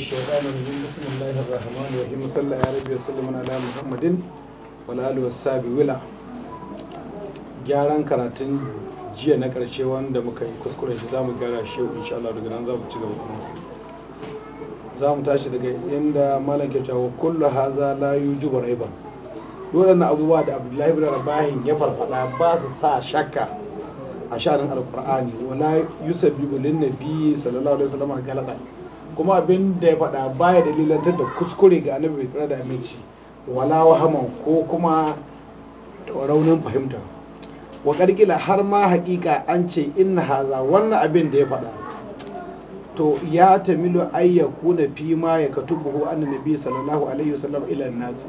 الشيطان الرجيم بسم الله الرحمن الرحيم صلى يا ربي وسلم على محمد وعلى اله وصحبه ولا gyaran karatun jiya na karshe wanda muka yi kuskuren shi zamu gyara shi insha Allah daga nan zamu ci gaba kuma zamu tashi daga inda malam ke cewa kullu hadha la yujibu raiba wadannan abubuwa da Abdullahi ibn Rabahin ya farfada ba su sa shakka a sha'anin alqur'ani wala yusabbibu lin nabi sallallahu alaihi galaba kuma abin da ya faɗa baya dalilantar da kuskure ga annabi mai tsara da aminci wala wahaman ko kuma raunin fahimta wa karkila har ma hakika an ce inna haza wannan abin da ya faɗa to ya tamilu ayyaku na fi ma ya katubuhu annabi sallallahu alaihi wasallam ila nasi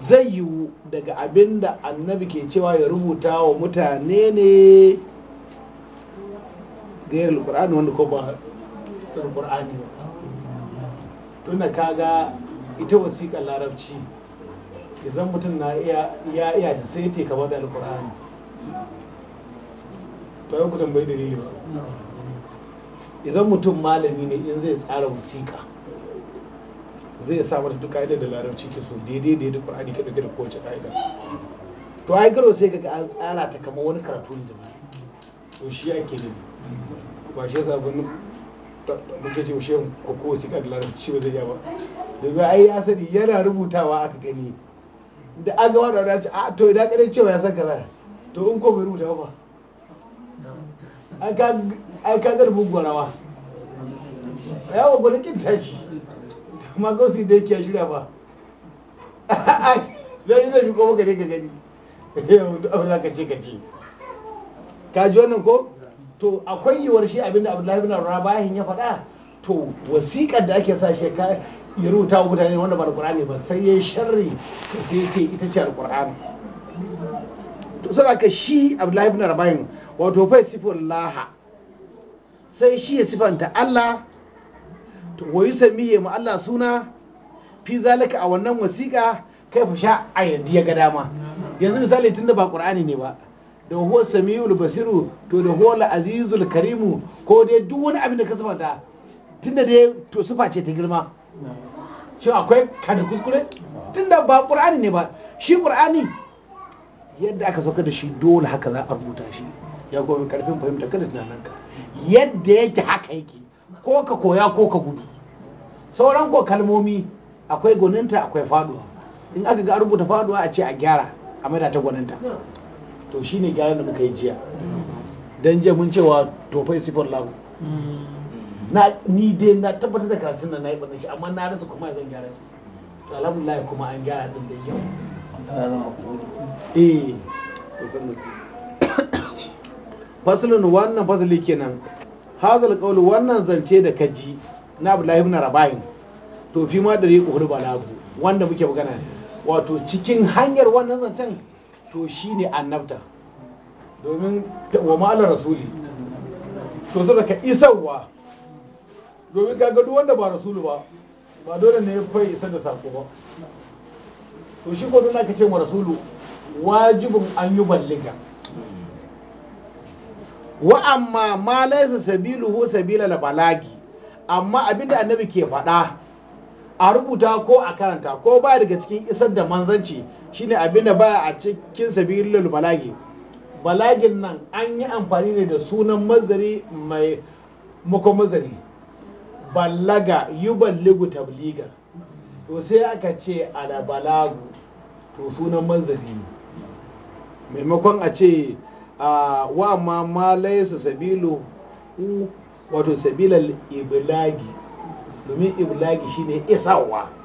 zai yiwu daga abin da annabi ke cewa ya rubuta wa mutane ne gairar alkur'ani wanda ko ba waƙar ƙur'ani tunda kaga ita wasiƙar larabci idan mutum na iya iya ta sai ta kama da alƙur'ani to yau kudan bai dalili ba idan mutum malami ne in zai tsara wasiƙa zai sa mata duk ka'idar da larabci ke so daidai da yadda ƙur'ani ke ɗauke da kowace ka'ida to ai garo sai ga an tsara ta kama wani karatu ne da to shi ake ne ba shi yasa muke ce shi koko su kan shi ba zai iya ba ai ya sani yana rubutawa aka gani da an ga wani ya a ah, to idan kare cewa ya san kaza to in ko bai rubuta ba ai ka garbu gwarawa ya wa gwada kin tashi amma ko su da yake shirya ba zai yi zai ko maka ne ka gani yau da abu za ka ce ka ce ka ji wannan ko to akwai yiwuwar shi abinda abdullahi bin rabahin ya faɗa to wasiƙar da ake sa shi ya rubuta wa mutane wanda ba alƙur'ani ba sai ya yi sharri sai ce ita ce alƙur'ani to sai ka shi abdullahi bin rabahin wato fa sifar laha sai shi ya sifanta Allah to wayu ya mu Allah suna fi zalika a wannan wasiƙa kai fa sha a yadda ya ga dama yanzu misali tunda ba Alƙur'ani ne ba da huwa samiyul basiru to da huwa azizul karimu ko dai duk wani abin da ka zama da tunda dai to sifa ce ta girma shin akwai kada kuskure tunda ba qur'ani ne ba shi qur'ani yadda aka sauka da shi dole haka za a rubuta shi ya gobe karfin fahimta kada tunaninka yadda yake haka yake ko ka koya ko ka gudu sauran ko kalmomi akwai gwaninta akwai faduwa in aka ga rubuta faduwa a ce a gyara a maida ta gwaninta to shi ne gyaran da muka yi jiya Don jiya mun cewa tofai sifar lagu mm. na ni dai na tabbatar da karatun da na yi ɓarnar shi amma na rasa kuma zan gyara shi alhamdulillah kuma an gyara din da yau eh. fasilin wannan fasali kenan hazal kaulu wannan zance da kaji na abdullahi ibn rabahin to fi ma da riƙo hudu ba lagu wanda muke magana wato cikin hanyar wannan zancen to ne annabta domin wa ma'ala rasuli to sai ka isarwa domin ka duk wanda ba rasulu ba ba dole ne fai isar da sako ba to shi ko dole ka ce wa rasulu wajibin an yi balliga wa amma ma laysa sabiluhu sabila la balagi amma abinda annabi ke faɗa a rubuta ko a karanta ko ba daga cikin isar da manzanci shine abinda baya a cikin sabilil balagi balagin nan an yi amfani ne da sunan mazari mai muka mazari ballaga yuballigu tabliga to sai aka ce ala balagu to sunan mazari ne maimakon a ce wa ma ma su sabilu wato sabilal iblagi domin iblagi shine isawa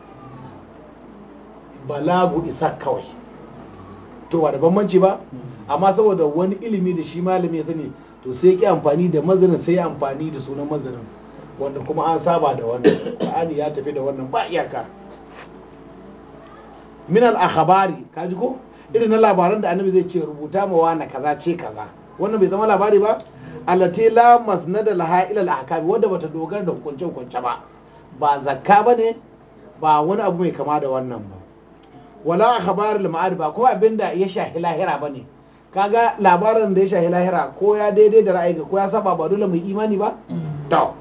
balagu isa kawai to ba da bambanci ba amma saboda wani ilimi da shi malami ya sani to sai ki amfani da mazanin sai amfani da sunan mazanin wanda kuma an saba da wannan ƙa'ani ya tafi da wannan ba iyaka a habari. Ka ji ko irin na labaran da annabi zai ce rubuta mawa na kaza ce kaza wannan bai zama labari ba allati la masnada laha ila al wanda bata dogara da hukunce hukunce ba ba zakka bane ba wani abu mai kama da wannan ba wala akhbarul ma'ad ba ko abin da ya shahi lahira bane kaga labarin da ya shahi lahira ko ya daidai da ra'ayi ko ya saba ba dole mu imani ba to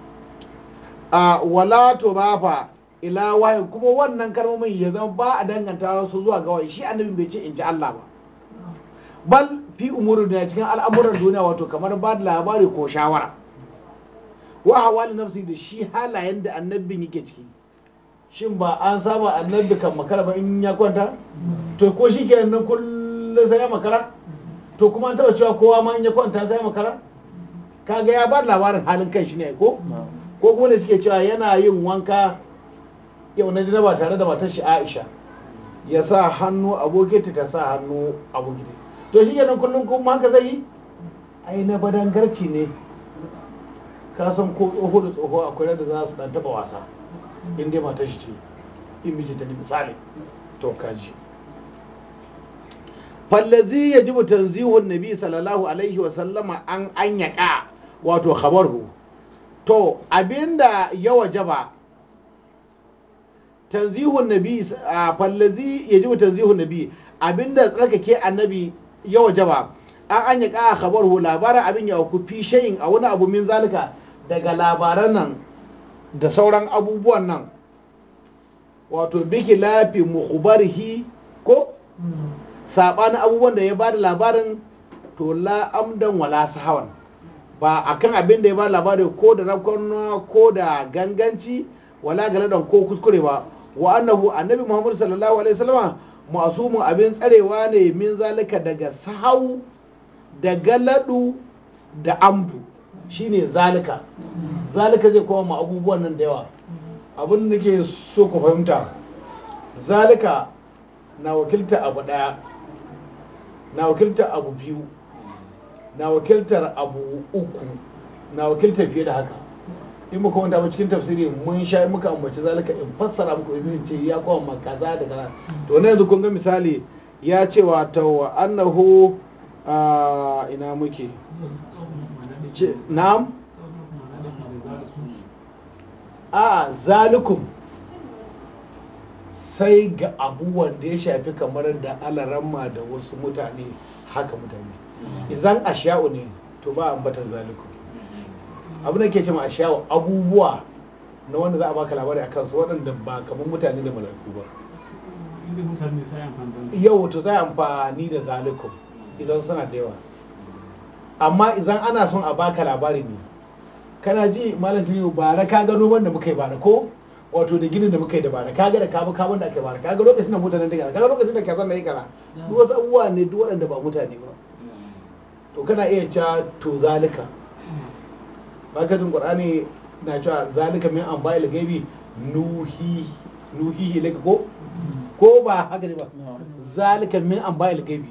a wala to fa ila wahin kuma wannan kalmomin ya zama ba a danganta su zuwa ga shi annabi bai ce in ji Allah ba bal fi umuru da cikin al'amuran duniya wato kamar ba da labari ko shawara wa hawali nafsi da shi halayen da annabin yake ciki shin ba an saba annabi kan makara ba in ya kwanta to ko shi ke nan kullum sai ya makara to kuma an taɓa cewa kowa ma in ya kwanta sai ya makara kaga ya ba labarin halin kan shi ne ko ko kuma da suke cewa yana yin wanka yau na ba tare da matar shi Aisha ya sa hannu a bokiti ta sa hannu a to shi kenan kullum kuma haka zai yi ai na badangarci ne ka san ko tsoho da tsoho akwai da za su dan taba wasa in dai matar shi ce in miji ta nemi tsari to kaji fallazi ya ji mutan zihun nabi sallallahu alaihi wasallama sallama an anyaka wato khabaru to abinda ya waje ba tanzihun nabi fallazi ya ji mutan zihun nabi abinda tsarkake annabi ya waje ba an anyaka khabaru labarin abin ya ku fi shayin a wani abu min zalika daga labaran nan da sauran abubuwan nan wato biki lafi mukhbarihi ko sabani abubuwan da ya ba da labarin to la amdan wala sahawan ba akan abin da ya ba da labarin ko da rakon ko da ganganci wala galadan ko kuskure ba wa annahu annabi muhammad sallallahu alaihi wasallam masumun abin tsarewa ne min zalika daga sahau da galadu da ambu shine zalika zalika zai koma ma abubuwan nan da yawa abin da nake so ku fahimta zalika na wakilta abu daya na wakilta abu biyu na wakiltar abu uku na wakiltar fiye da haka in muka wanda cikin tafsiri mun sha muka ambaci zalika in fassara muku in ce ya kowa ma kaza da kaza to na yanzu kun ga misali ya ce wa wa annahu ah, ina muke na'am a zalikum sai ga abubuwan da ya shafi kamar da alaramma da wasu mutane haka mutane idan asha'u ne to ba ambatan zalikum abin da ke ce ma asha'u abubuwa na wanda za a baka labari a kansu waɗanda ba kamar mutane da malarku ba yau to za a amfani da zalikum idan suna da yawa amma idan ana son a baka labari ne kana ji malam tuni bara ka gano wanda muka yi bara ko wato da ginin da muka yi da bara ka ga da kabu kabun da aka bara ka ga lokacin da mutanen da kaza ka ga lokacin da kaza na yi gara duk wasu abubuwa ne duk waɗanda ba mutane ba to kana iya cewa to zalika bakatun qur'ani na cewa zalika min anba'il gaibi nuhi nuhi laka ko ko ba haka ne ba zalika min anba'il gaibi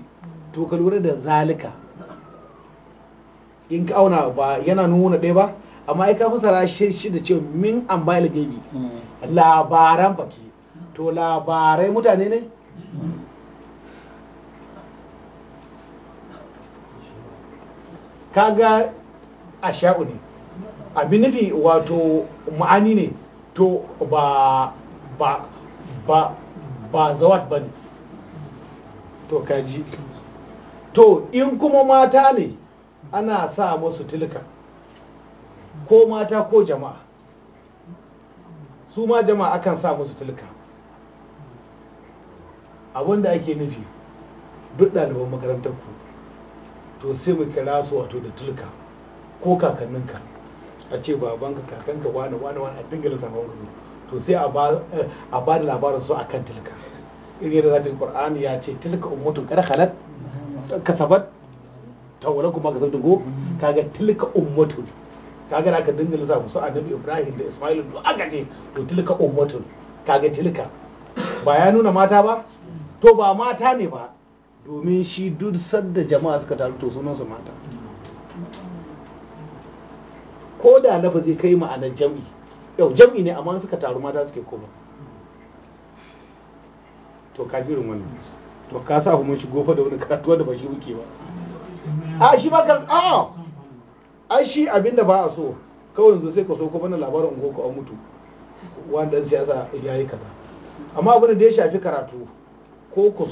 to ka lura da zalika in ka auna ba yana nuna ɗaya ba amma ya ka sara shi da cewa min an bayil gaibi labaran baki to labarai mutane ne kaga a sha'u ne abin nufi wato ma'ani ne to ba ba ba ba zawat ba ne to kaji to in kuma mata ne ana sa musu tilka ko mata ko jama'a su ma jama'a akan sa musu tulka abinda ake nufi duk ɗaliban makarantar ku to sai mu kira su wato da tulka ko kakanninka a ce babanka kakanka wani wani wani a dinga lissafa su to sai a ba da labarin su akan tilka in yadda zaka qur'ani ya ce tilka ummatun kada khalat kasabat tawala kuma ka zabdugo kaga tilka ummatun kaga aka dinga lissafa su annabi ibrahim da isma'il to aka ce to tilka ummatun kaga tilka ba ya nuna mata ba to ba mata ne ba domin shi duk sadda jama'a suka taru to sunan su mata ko da lafazi kai ma'anar jam'i yau jam'i ne amma suka taru mata suke koma to ka jirin wannan to ka sa mun shigo fa da wani karatuwa da ba shi wuke ba a shi ba kan a ai shi abin da ba a so kawai yanzu sai ka so kuma na labarin ko ka mutu wanda siyasa ya yi kaza amma abin da ya shafi karatu ko ku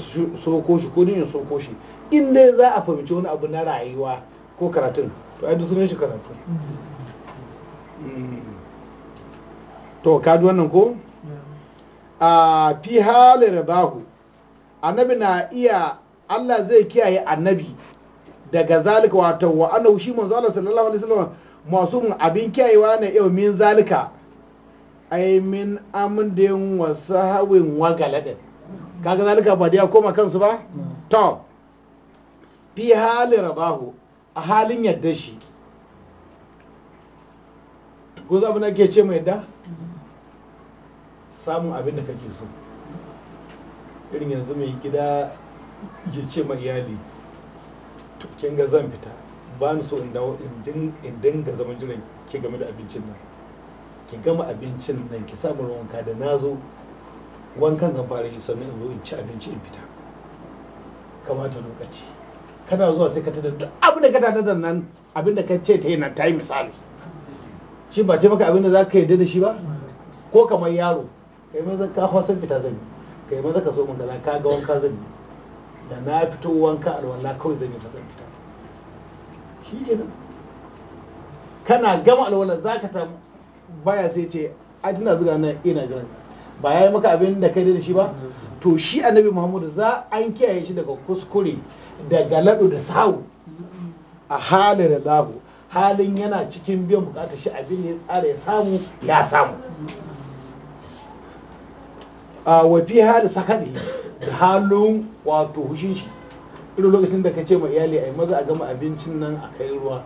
so ko shi ko dinin so ko shi in dai za a fahimci wani abu na rayuwa ko karatun to ai duk shi karatu mm. to ka ji wannan ko a fi halin rabahu annabi na iya Allah zai kiyaye annabi daga zalika wato wa annahu shi manzo Allah sallallahu alaihi wasallam masu abin kiyayewa ne yau min zalika ai min amdin wa sahawin wa galadin kaga zalika ba da koma kansu ba to fi halin rabahu a halin yadda shi ko za mu nake ce mai yadda samun abin da kake so irin yanzu mai gida ya ce mai iyali to kin ga zan fita ba ni so in dawo in dinga zaman jiran ki game da abincin nan ki gama abincin nan ki samu wanka da na zo wankan zan fara yi sannan in zo in ci abinci in fita kamata lokaci kana zuwa sai ka tada abin da ka tada da nan abin da ka ce ta yi nan ta yi misali shi ba ce maka abin da za ka yarda da shi ba ko kamar yaro kai ma ka hasan fita zan yi kai ma ka so mun kaza ka ga wanka zan yi da na fito wanka alwala kawai zan yi ta fita shi nan kana gama alwala za ka ta baya sai ce a tana zuga na ina jiran ba ya yi maka abin da kai da shi ba to shi annabi muhammadu za an kiyaye shi daga kuskure daga ladu da sawu a halin da lahu halin yana cikin biyan bukatar shi abin da ya tsara ya samu ya samu a wafi da sakadi da halin wato hushin shi irin lokacin da ka ce ma iyali ai maza a gama abincin nan a kai ruwa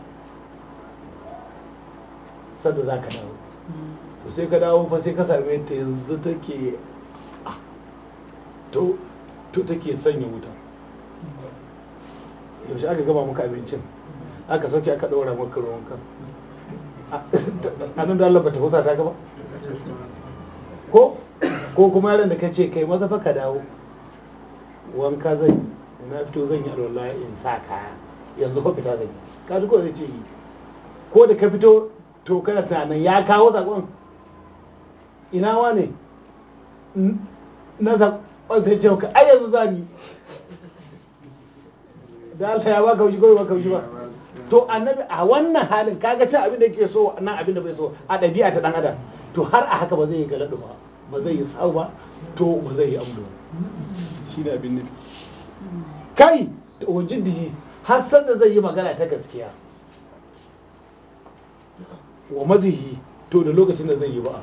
sadda za ka dawo to sai ka dawo fa sai ka same ta yanzu take ah, to to take sanya wuta yaushe aka gama maka abincin aka sauke aka ɗora maka ruwanka a nan da Allah ba ta husa ta gaba ko ko kuma yaron da ka ce kai maza fa ka dawo wanka zan yi na fito zan yi alwala in sa kaya yanzu ko fita zan yi ka ji ko zai ce yi ko da ka fito to kana tunanin ya kawo sakon ina wa ne na sakon sai ce ka ai yanzu zani da Allah ya baka wuce ko ba wuce ba to annabi a wannan halin kaga cin abin da yake so nan abin da bai so a ɗabi'a ta dan adam to har a haka ba zai yi galadu ba ba zai yi sau ba to ba zai yi amdo shi ne abin nufi kai ta yi har da zai yi magana ta gaskiya wa mazihi to da lokacin da zai yi ba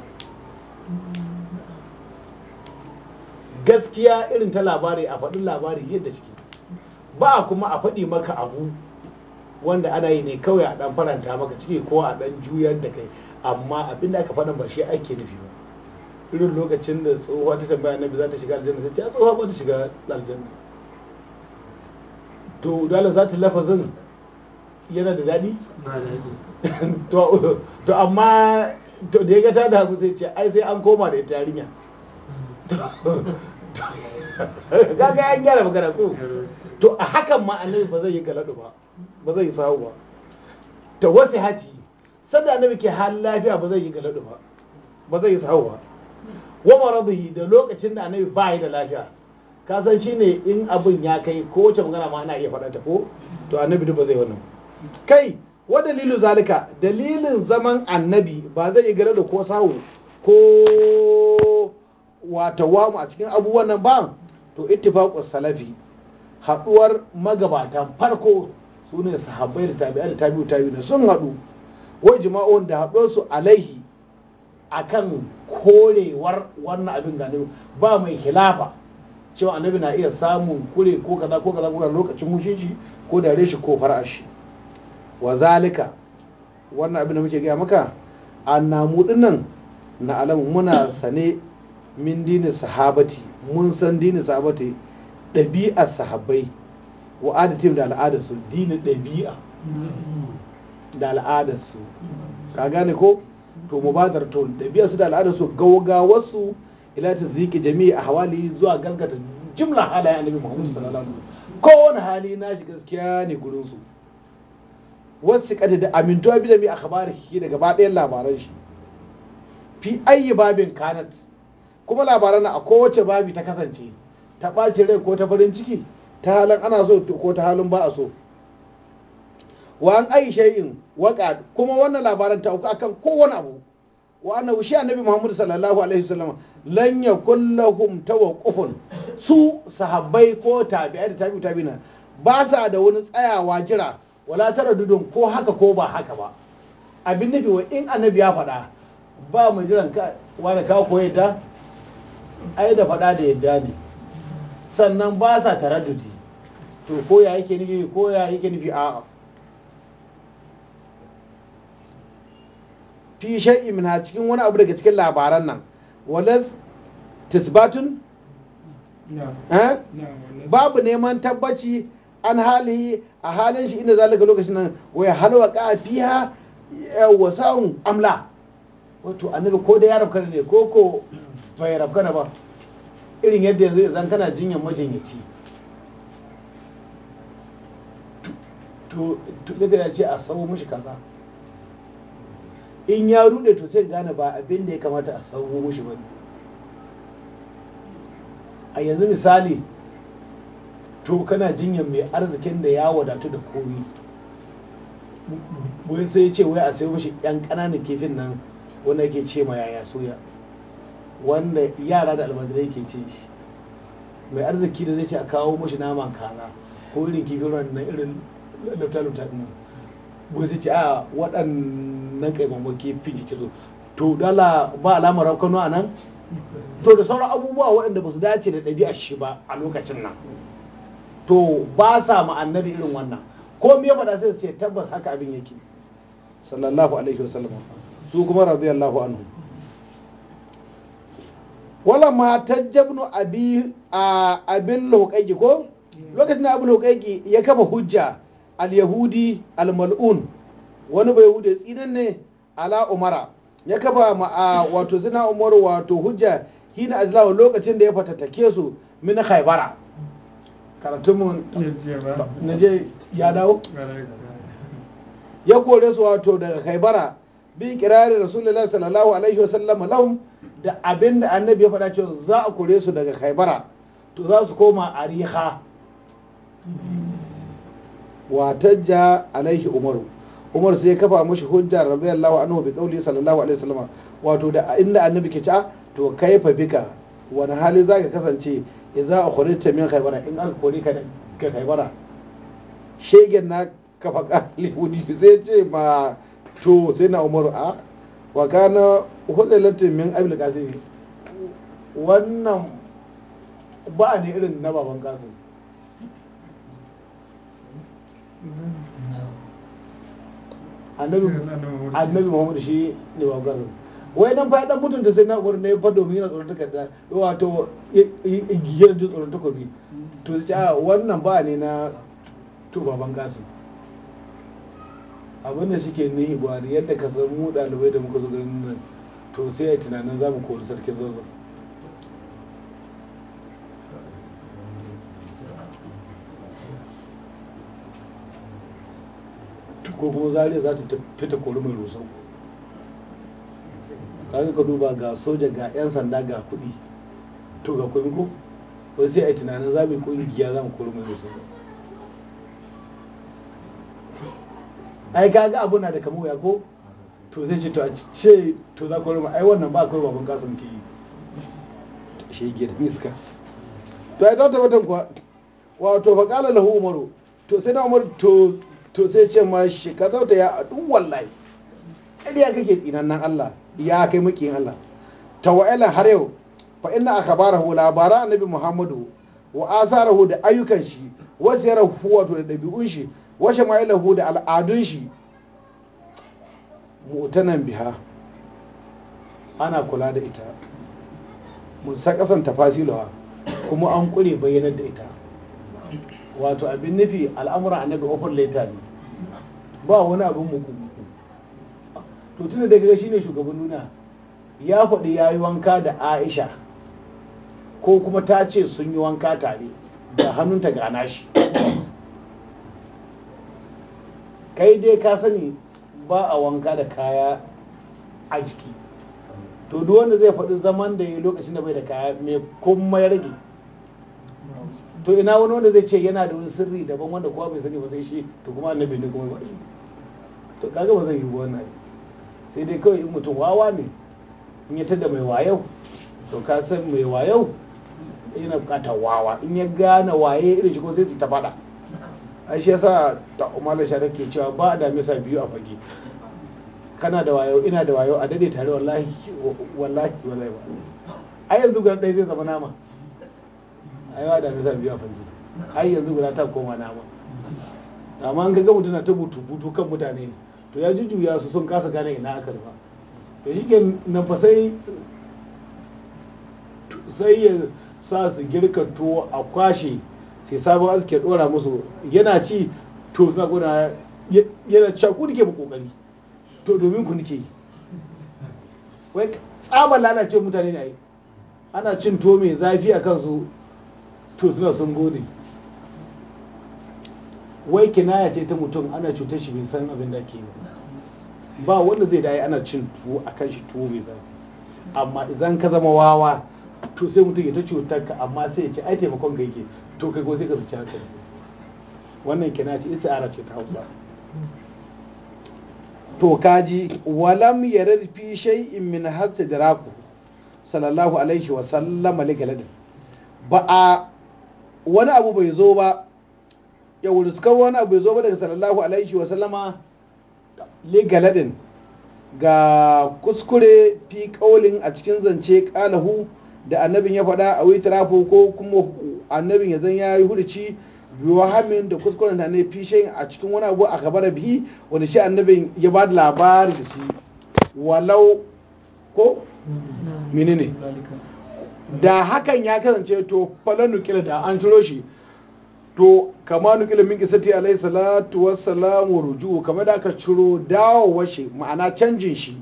gaskiya irin ta labari a faɗin labari yadda ciki. ba kuma a faɗi maka abu wanda ana yi ne kawai a ɗan faranta maka ciki ko a ɗan juyar da kai amma abin da aka faɗin ba shi ake nufi ba irin lokacin da tsohuwa ta tambaya annabi za ta shiga aljanna sai ce a tsohuwa ba ta shiga aljanna to dole za ta lafazin yana da daɗi? to amma to da ya ga ta da haku sai ce ai sai an koma da ita yarinya kaga an gyara magana ko to a hakan ma annabi ba zai yi galadu ba ba zai yi sawu ba ta wasu hati sanda annabi ke hal lafiya ba zai yi galadu ba ba zai yi sawu ba wa maradihi da lokacin da annabi ba da lafiya ka san shine in abin ya kai ko wace magana ma ana iya faɗanta ko to annabi duk ba zai wannan kai wa dalilu zalika dalilin zaman annabi ba zai yi gare da ko sawu ko wata wamu a cikin abubuwan nan ba to ittifaqus salafi haɗuwar magabatan farko su ne sahabbai da tabi'a da tabi'u tabi'u sun haɗu Wai jima'un da haɗuwar su alaihi akan korewar wannan abin ga ba mai khilafa cewa annabi na iya samun kure ko kaza ko kaza ko lokacin mushin ko dare shi ko farashi wa zalika wannan abin da muke gaya maka annamu dinnan na alamu muna sane min dinin sahabati mun san dinin sahabati ɗabi'a sahabbai wa adatim da al'adarsu dinin ɗabi'a da al'adarsu ka gane ko to mubadar to da biya su da al'adar su wasu ila ta ziki jami'i a hawali zuwa galgata jimla a annabi muhammadu sallallahu alaihi wasallam kowane hali na shi gaskiya ne gurin su wasu kada da amintuwa bi da mi akhbari shi daga ba ɗayan labaran shi fi ayi babin kanat kuma labaran a kowace babi ta kasance ta ɓacin rai ko ta farin ciki ta halin ana so ko ta halin ba a so wa an ayi shay'in waka kuma wannan labaran ta uku akan kowane abu wa annabi wushi annabi Muhammad sallallahu alaihi wasallam lan yakul lahum tawaqqufun su sahabbai ko tabi'i da tabi'u tabi'ina ba sa da wani tsayawa jira wala dudun ko haka ko ba haka ba abin nufi wa in annabi ya faɗa ba mu jiran ka wani ka koye ta ai da faɗa da yadda ne sannan ba sa taraddudi to ko ya yake nufi ko ya yake nufi a'a fi shay'in min cikin wani abu daga cikin labaran nan walas tisbatun babu neman tabbaci an halihi a halin shi inda zalika lokacin nan waya halwa ka fiha wa sa'un amla wato annabi ko da ya rabka ne ko ko bai rabka ba irin yadda yanzu zan kana jinyar majinyaci to daga ce a sabo mushi kaza in ya rude to sai gane ba abin da ya kamata a sauro mushi ba a yanzu misali to kana jinyar mai arzikin da ya wadatu da komi wai sai ya ce wai a sayo mashi yan ƙananan kifin nan wanda yake ce ma yaya soya wanda yara da almajirai ke ce shi mai arziki da zai ce a kawo mashi naman kaza ko irin kifin nan irin lafta-lafta ɗin wasu ce a ah, waɗannan kaimakon kifin jiki zo to dala ba alamar raukano a nan to da sauran abubuwa waɗanda ba su dace da ɗabi'a shi ba a lokacin nan to ba sa ma'annabi irin wannan ko me faɗa sai ce tabbas haka abin yake sallallahu alaihi wa sallam su kuma radiyallahu anhu wala ma tajjabnu abi a abin lokaki ko lokacin da abin lokaki ya kafa hujja al-yahudi al-mal'un wani bai hude tsinan ne ala umara ya kafa ma wato zina umaru wato hujja hina ajlawa lokacin da ya fatattake su min khaybara karatun na je ya dawo ya kore su wato daga khaybara bi kirari rasulullah sallallahu alaihi wasallam lahum da abin da annabi ya faɗa cewa za a kore su daga khaybara to za su koma ariha watajja alaihi umaru umar sai kafa mashi hujja radiyallahu anhu bi qawli sallallahu alaihi wasallam wato da inda annabi ke ta to kaifa bika wani hali zaka kasance idza ukhrijta min khaybara in aka kori ka daga khaybara shegen na kafa kali wani sai ce ma to sai na umar a wa kana hudalati min abul qasim wannan ba ne irin na baban qasim annabi muhammad shi ne wa gaza wai dan fa dan mutunta sai na umar ne fa domin yana tsoron takarda wato yana jin tsoron takobi to sai a ah, wannan ba ne na to baban kasu abinda shi ke nihi gwari yadda ka san mu ɗalibai da muka zo ganin nan to sai a tunanin za mu kori Sarki zozo ko kuma zariya za ta fita kori mai rusau kaga ka duba ga soja ga 'yan sanda ga kuɗi to ga kuɗi ko wai sai a yi tunanin za mu yi ƙungiya za mu kori mai rusau ai kaga abu na da kamar ya ko to zai ce to a ce to za kori mai ai wannan ba kawai baban kasan ke yi shege da miska to ai ta watan kuwa wato fa kala lahu umaru to sai na umar to to sai ce ma shi ka zauta ya duk wallahi ya kake nan Allah ya kai makiyin Allah tawailan har yau fa inna akhbarahu labara annabi Muhammadu wa rahu da ayyukan shi wa sirruhu wato da ɗabi'un shi wa hu da al'adun shi Mutanen biha ana kula da ita musa kasan tafasiluwa kuma an kure bayyanar da ita wato abin nufi al'amura annabi offer letter ne ba wani abin muku to tuna daga gashi ne shugaban nuna ya faɗi ya yi wanka da aisha ko kuma ta ce sun yi wanka tare da hannunta ga nashi kai dai ka sani ba a wanka da kaya a jiki to duk wanda zai faɗi zaman da ya lokacin da bai da kaya mai kuma ya rage to ina wani wanda zai ce yana da wani sirri daban wanda kowa bai sani ba sai shi to kuma annabi ne kuma ba shi to kaga ba zai yi wannan sai dai kawai in mutum wawa ne in ya tada mai wayo to ka san mai wayo yana bukatar wawa in ya gane waye irin shi ko sai su ta fada ai shi yasa da umaru shara ke cewa ba a dame sa biyu a fage kana da wayo ina da wayo a dade tare wallahi wallahi wallahi ai yanzu gar ɗaya zai zama nama ai ma da misa biyu a fanji ai yanzu guda ta koma nama amma an ga mutum na ta butu butu kan mutane to ya jujjuya su sun kasa gane ina aka rufa to shi na fa sai sai ya sa su girka tuwo a kwashe sai sabon arziki ya dora musu yana ci to suna gona yana cewa ku nike ba kokari to domin ku nike wai tsaba lalace mutane ne ana cin tuwo mai zafi a kansu to suna sun gode wai kinaya ce ta mutum ana cutar shi bai san abin da ke yi ba wanda zai dai ana cin tuwo a kan shi tuwo bai san amma idan ka zama wawa to sai mutum ya ta cutar ka amma sai ya ce ai taimakon ga yake to kai ko sai ka zuci haka wannan kina ce ara ce ta Hausa to kaji walam yarid fi shay'in min hadd raku sallallahu alaihi wa ba a wani abu bai zo ba ya wuruskan wani abu bai zo ba daga sallallahu alaihi wa sallama ligaladin ga kuskure fi kaulin a cikin zance kalahu da annabin ya faɗa a witrafo ko kuma annabin ya zan ya yi biyuwa hamin da kuskuren da ne fi shayin a cikin wani abu a gaba da bihi wani shi annabin ya ba da labari da shi walau ko mm-hmm. menene da hakan ya kasance to falon nukila da an ciro shi to kama nukila min sati alai salatu wassalamu ruju kamar da aka ciro dawowar shi ma'ana canjin shi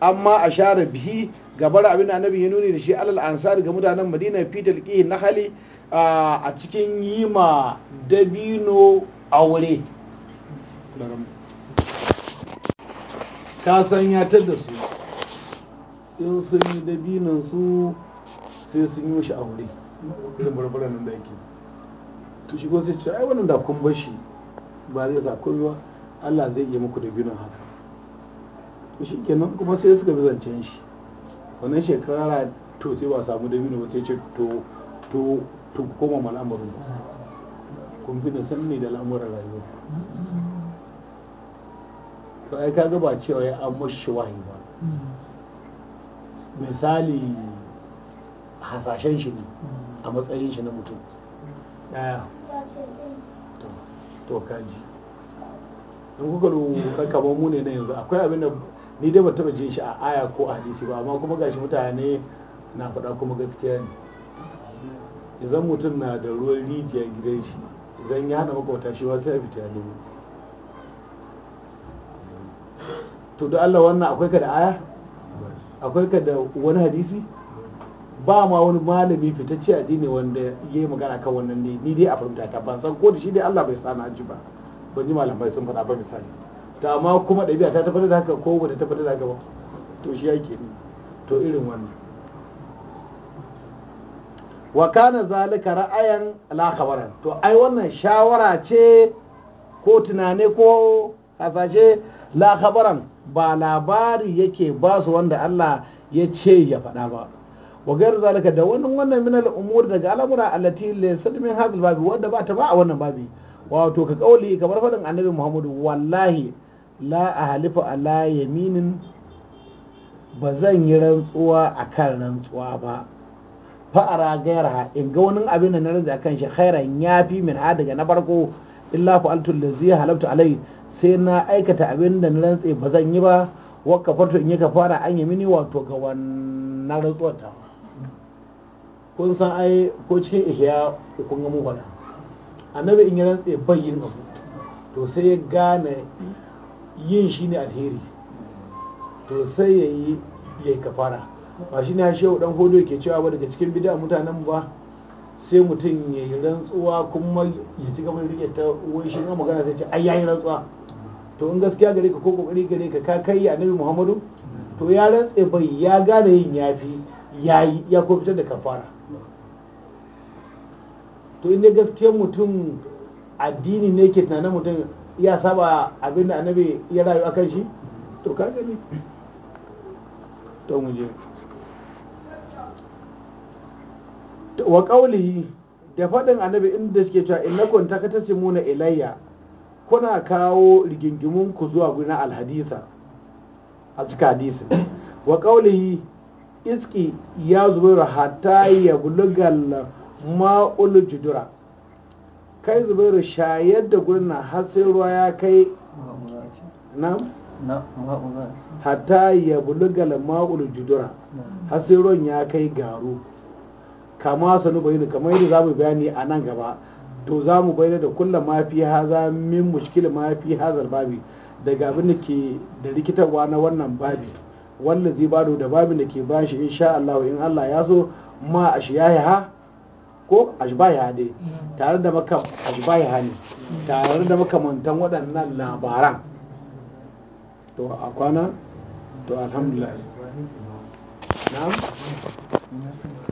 amma a share bihi gabar abin da annabi ya nuni da shi alal ansari ga mutanen madina fi na hali a cikin yima dabino aure ka san ya da su in sun yi dabinan sai sun yi mashi aure da barbara nan da yake to shi sai ce ai wannan da kun bashi ba zai sa komai ba Allah zai yi muku da binin haka to shi kenan kuma sai suka bi zancen shi wannan shekara to sai ba samu da binin ba sai ce to to to koma mana al'amarin kun fi da sanni da lamuran rayuwa to ai kaga ba cewa ya amma shi wahayi ba mm. misali hasashen shi ne mm. a matsayin shi na mutum daya to kaji don kuka lura mu ne na yanzu akwai abin da ni dai ban taba jin shi a aya ko a hadisi ba amma kuma gashi mutane na faɗa kuma gaskiya ne idan mutum na da ruwan rijiya gidan shi idan ya hana makwabta shi sai ya fita ne to da Allah wannan akwai ka da aya akwai ka da wani hadisi ba ma wani malami fitacce addini wanda ya yi magana kan wannan ne ni dai a fahimta ta ban san ko da shi dai Allah bai sana ji ba ban yi malamai sun faɗa ba misali to amma kuma ɗabi'a ta tabbatar da haka ko ba ta tabbatar da haka ba to shi yake ni to irin wannan wa kana zalika ra'ayan la to ai wannan shawara ce ko tunane ko hasashe la ba labari yake ba su wanda Allah ya ce ya faɗa ba wa gairu zalika da wannan min al'umur daga al'amura allati laysa min hadhal babi wanda ba ta ba a wannan babi wato ka kauli kamar faɗin annabi muhammadu wallahi la a halifa ala yaminin ba zan yi rantsuwa a kan rantsuwa ba fa'ara gayar ha in ga wani abin da na rantsa akan shi khairan ya fi min ha daga na farko illa fa'altu da zai alai sai na aikata abin da na rantse ba zan yi ba wakka farto in yi ka fara an mini wato ga wannan rantsuwa ta kun san ai ko cikin ihya kun ga mugwada annabi in ya rantse bayyin abu to sai ya gane yin shi ne alheri to sai ya yi ya yi kafara ba shi ne shehu dan hodo ke cewa ba daga cikin bid'a mutanen ba sai mutum ya yi rantsuwa kuma ya ci gaba da ta wai shi magana sai ce ai yayi rantsuwa to in gaskiya gare ka ko kokari gare ka ka kai annabi Muhammadu to ya rantse bai ya gane yin yafi yayi ya ko fitar da kafara to inda gaskiyar mutum addini ne ke tunanin mutum ya saba abinda annabi ya rayu a kan shi to ka gani to muje wa da faɗin annabi inda suke cewa innakum simuna ilayya kuna kawo rigingimun ku zuwa guna alhadisa a cikin hadisi wa qaulihi iski ya zubairu hatta ya bulugal ma'ul judura kai zubairu shayar da gurin na ruwa ya kai na hatta ya bulugal ma'ul judura har ruwan ya kai garu kama sanu bayani kamar yadda za mu bayani a nan gaba to za mu bayyana da kullum ma fi haza min mushkila ma hazar babi daga abin da ke da rikitarwa na wannan babi wanda zai bado da babin da ke bashi sha Allah in Allah ya so ma a shi yi ha ko ashbaya ne mm. tare da maka ashbaya ne mm. tare da makamantan waɗannan labaran to a kwana to alhamdulillah na